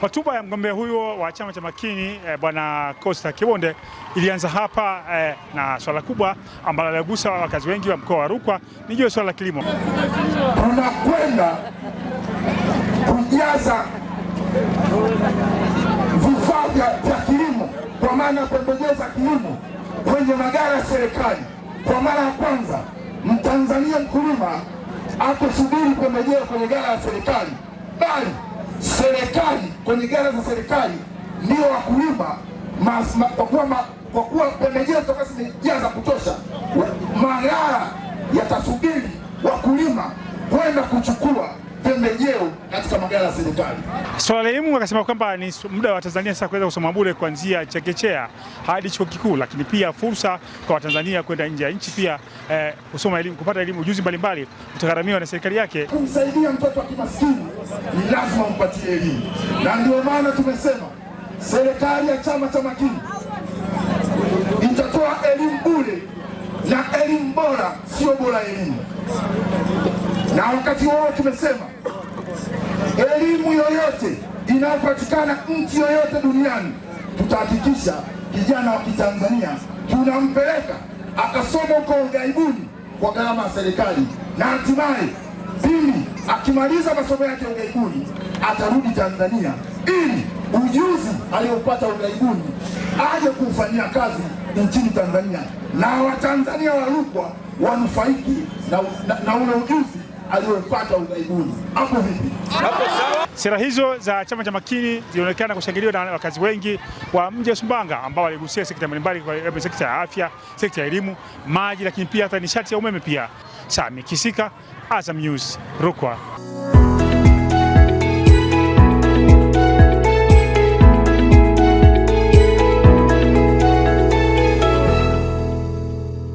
Hotuba ya mgombea huyo wa chama cha Makini eh, bwana Costa Kibonde ilianza hapa eh, na swala kubwa ambalo lagusa wakazi wengi wa mkoa wa Rukwa ni juu ya swala la kilimo. Tunakwenda kujaza vifaa vya kilimo, kwa maana ya pembejeo za kilimo kwenye magari ya serikali. Kwa mara ya kwanza Mtanzania mkulima akusubiri pembejeo kwenye gari ya serikali bali serikali kwenye gara za serikali ndio wakulima kwa kuwa pembejeo zitakuwa zimejaa za kutosha, magara yatasubiri wakulima kwenda kuchukua pembejeo katika magari ya serikali. Swala la elimu akasema kwamba ni muda wa Tanzania sasa kuweza kusoma bure kuanzia chekechea hadi chuo kikuu, lakini pia fursa kwa Watanzania kwenda nje ya nchi pia eh, kusoma elimu, kupata elimu, ujuzi mbalimbali utagharamiwa na serikali yake. Kumsaidia mtoto wa kimaskini ni lazima umpatie elimu, na ndio maana tumesema serikali ya Chama cha makini itatoa elimu bure na elimu bora, sio bora elimu na wakati wao tumesema elimu yoyote inayopatikana nchi yoyote duniani tutahakikisha kijana wa Kitanzania tunampeleka akasoma huko ughaibuni kwa gharama ya serikali, na hatimaye pili, akimaliza masomo yake ya ughaibuni atarudi Tanzania ili ujuzi aliyopata ughaibuni aje kuufanyia kazi nchini Tanzania, na Watanzania walukwa wanufaiki na, na, na ule ujuzi aliyopata ugaibuni. Hapo vipi? Sera hizo za Chama cha Makini zilionekana kushangiliwa na wakazi wengi wa mji wa Sumbawanga ambao waligusia sekta mbalimbali, eh, sekta ya afya, sekta ya elimu, maji, lakini pia hata nishati ya umeme pia. Sami Kisika, Azam News, Rukwa.